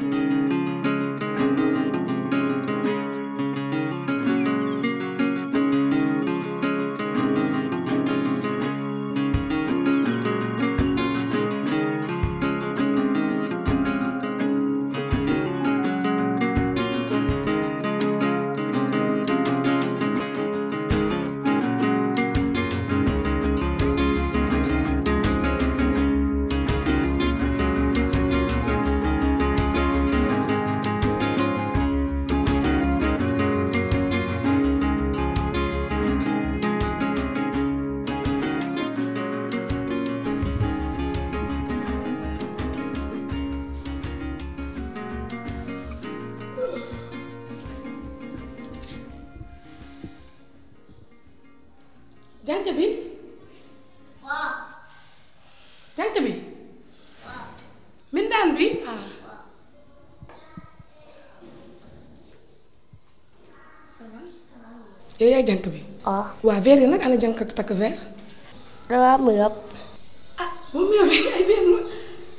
thank you jànk bi waaw bi waaw mindaan bi ah ça va yow yaay jànk bi waaw ah. waa verre nag ana jànk ak takk verre damaa am yàpp ah moom mu yàpp ay verre ma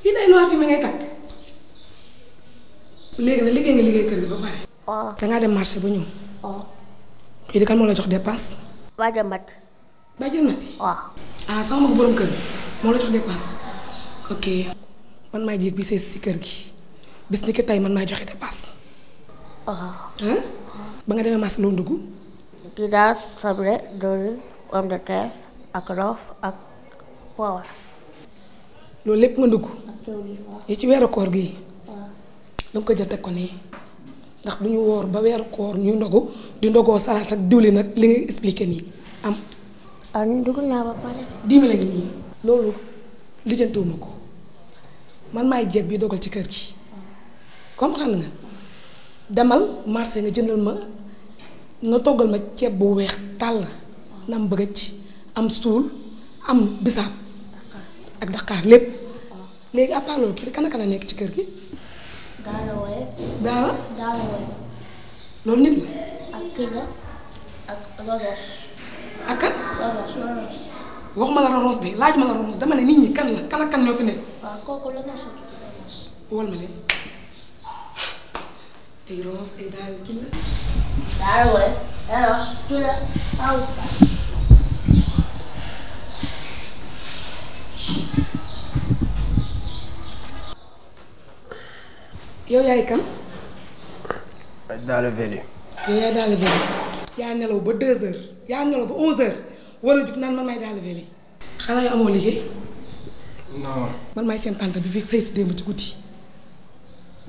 yi day noir fi ma ngay takk léegi nag liggéey nga liggéey kër gi ba pare ah. dangaa dem marché ba ñëw waaw yooyu di kan la jox dépense waa jàmbat bàjjen Mati. waaw ah sama mag borom kër moo la jox dépense. ok man maa jéeg bi sees si kër gi bis ki tey man maa joxe dépense. nga demee mas loo ndugg. loolu lépp nga ndugg. yi ci weeru koor gii. danga ko jël teg ko nii. ndax du woor ba weeru koor ñuy ndogu di ndogoo salaat ak diwlin nag li nga expliqué nii ah dugg naa ba pare. nii loolu lijjantiwuma ko man maay jeeg bi dogal ci kër gi comprendre nga demal marché nga jëndal ma nga toggal ma ceeb bu weex tàll na am bëgg ci am suul am bisaab ak daqaar lépp léegi à part kii kan nekk ci kër gi. daala loolu nit la. ak wax ma la ronos de laaj ma la ronos dama ne nit ñi kan la kan ak kan ñoo fi nekk. wol ma leen ay ronos ay daal kii la. daal yaay kan. daal velu. yow yaay daal velu. yaa nelaw ba 2 heures yaa nelaw ba 11 heures war a jug naan man may daal veli xanaa yow amoo liggéey. non. man maay seen tante bi fii sëy si démb ci guddi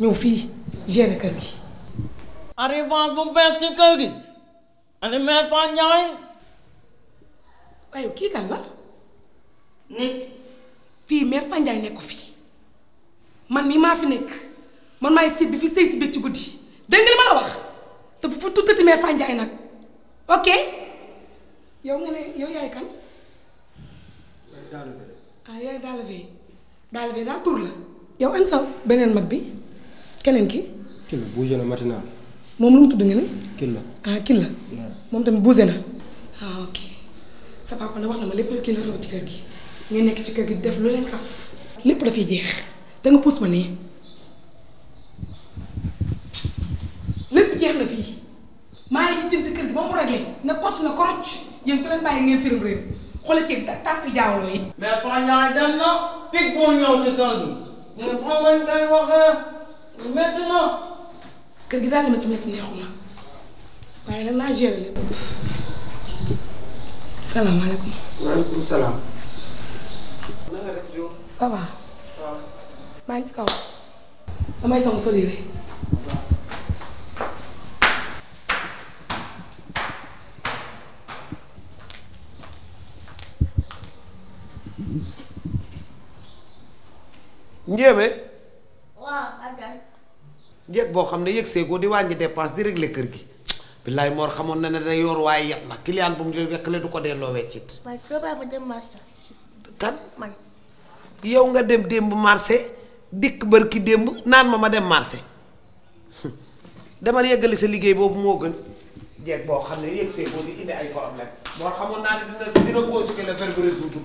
ñëw fii gérer kër gi. arrivance bu bees ci kër gi. la. fii mère Fane Ndiaye nekk ko fii man mii maa fi nekk man maay siit bi fi sëy si beeg ci guddi dégg nga li ma la wax te bu fa tuutati mère Fane nag. ok yow nga yow yaay kan. ah yaay Dalla Veille Dalla Veille daal tur la. yow an saw beneen mag bi keneen ki. Killa bougé na matinal. moom lu mu tudd nga kill Killa ah Killa. moom tamit bougé na. ah ok sa papa na wax na ma lépp lu Killa xew ci kër gi. ngay nekk ci kër gi def lu leen saf. lépp dafay jeex te nga puus ma nii lépp jeex na fii. maa ngi jënd kër gi ba mu réglé na kocc na korocc yéen ku leen bàyyi ngeen firim réer xoolal ci tàkk jaawloo yi. mais Fane Ndiaye dem na picc bu ñëw ci kër gi. ñun fan lañ koy waxee métti na. kër gi daal li ma ci métti neexu ma waaye nag naa gérer lépp. ngi ci kaw. njéeme. waaw. jeeg boo xam ne yëg seegoo di wàññi dépense di régler kër gi. billaay Mor xamoon na ne day yor waaye yat na client bu mu jël wekkale du ko delloo weccit. waaye dem marché. kan yow nga dem démb marché dikk bërki démb naan ma ma dem marché dama yëggali sa liggéey boobu moo gën. jeeg boo xam ne yëg seegoo di indi ay problème Mor xamoon naa ne dina dina consulter le verbe résoudre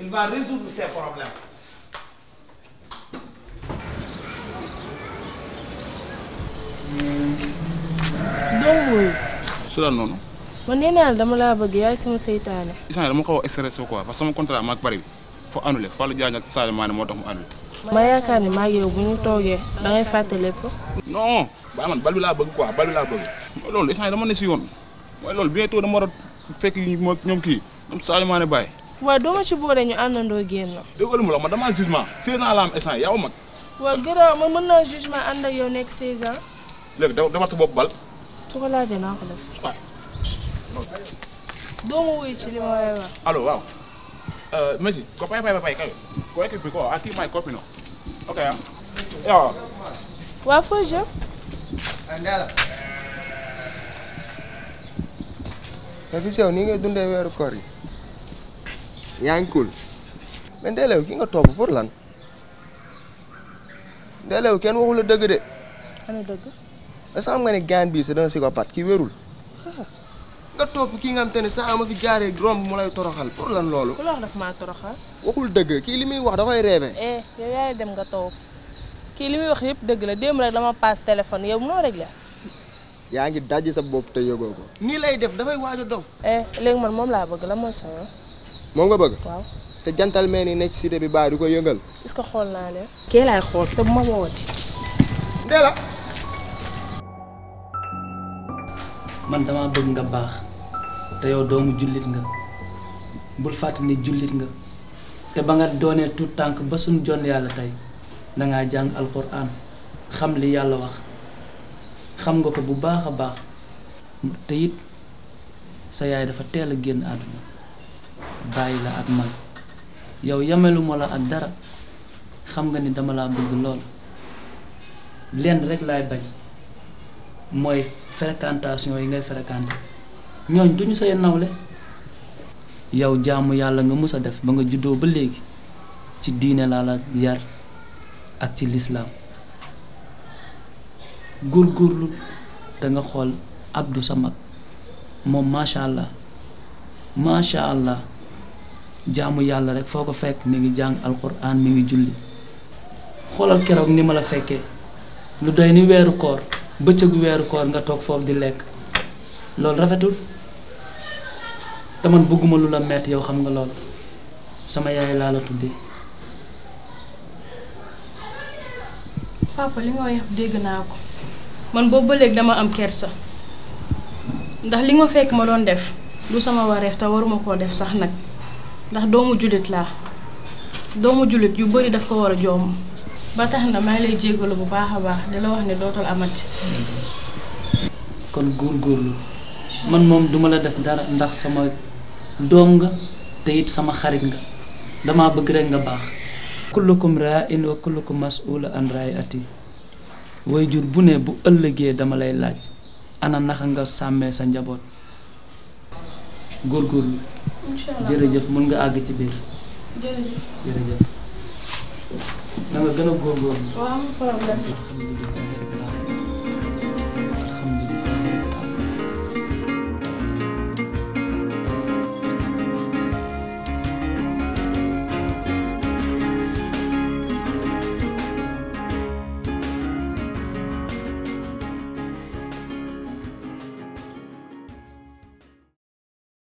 il va résoudre ses problèmes. su daal noonu. man nee naa la dama laa bëgg yaay sama seytaane. isaan dama xaw a stressé quoi parce sama contrat maag bari bi foo annulé Fallou Diagne ak Sadio Mané moo tax mu annulé. ma yaakaar ne maa bu ñu toogee da fàtte lépp. non ba man bal bi laa bëgg quoi bal bi laa bëgg. mooy loolu isaan dama ne si yoon mooy loolu bientôt dama war a fekk ñoom kii Sadio Mané bàyyi. waaw doo ma ci boole ñu àndandoo génn. déglu ma la man damaa jugement seize ans la am instant yow mag. waaw gërëm man su ko laajee naa ko def. doo ma wuyu ci li ma lay wax. allo waaw. Euh, Messi ko pay pay pay kayo ko ekip ko a ti may kopino ok ah wa nga topp pour lan ndeelew kenn waxu la dëgg de dëgg est-ce que xam nga ne gaan bii c'est un psychopathe kii wérul nga topp kii nga xam te ne saa ma fi jaaree romb mu lay toroxal pour la wax nag maa toroxal. waxul dëgg kii li muy wax dafay reeve. eh yow yaay dem nga toog kii li muy wax yëpp dëgg la démb rek dama paas téléphone yow noo yaa ngi daj sa bopp te yëgoo nii lay def dafay waaj a dof. eh man moom laa bëgg la mooy sa moom nga bëgg. waaw te jantal meen yi nekk ci bi baa du ko yëngal. est-ce que xool naa leen. kee laay xool te bu ma wooti. Ndéla. man dama bëgg nga baax te yow doomu jullit nga bul fàttali ni jullit nga te ba nga doonee tout tànk ba suñ jon yàlla tey dangaa jàng alquran xam li yàlla wax xam nga ko bu baax a baax te it sa yaay dafa teel a génn àdduna bàyyi la ak man yow yameluma la ak dara xam nga ni dama laa bëgg lool leen rek laay bañ mooy fréquentation yi ngay fréquenté ñooñ duñu say nawle yow jàmm yàlla nga mus a def ba nga juddoo ba léegi ci diine laa la yar ak ci lislaam góorgóorlu da danga xool Abdou sa mag moom macha allah macha allah jaamu yàlla rek foo ko fekk mu ngi jàng alquran mi ngi julli xoolal keroog ni ma la fekkee lu doy ni weeru koor bëccëgu weeru koor nga toog foofu di lekk loolu rafetul te man bëgguma lu la metti yow xam nga loolu sama yaay laa la tuddee. papa li nga wax dégg naa ko man boobu ba léegi dama am sax ndax li ma fekk ma doon def lu sama wareef te waruma koo def sax nag ndax doomu jullit laa doomu jullit yu bari daf ko war a joom ba tax na maa ngi lay jégalu bu baax a baax di la wax ne dootul amati. kon góorgóorlu man moom duma la def dara ndax sama doom nga sama xarit nga dama bëgg rek nga baax. kullukum raa'in wa kullukum mas'uula an ati woy jur bu ne bu ëllëgee dama lay laaj ana naka nga sàmmee sa njaboot góorgóorlu. incha allah jërëjëf mën nga àgg ci biir. jërëjëf na nga gën a góorgóorlu. waaw am problème.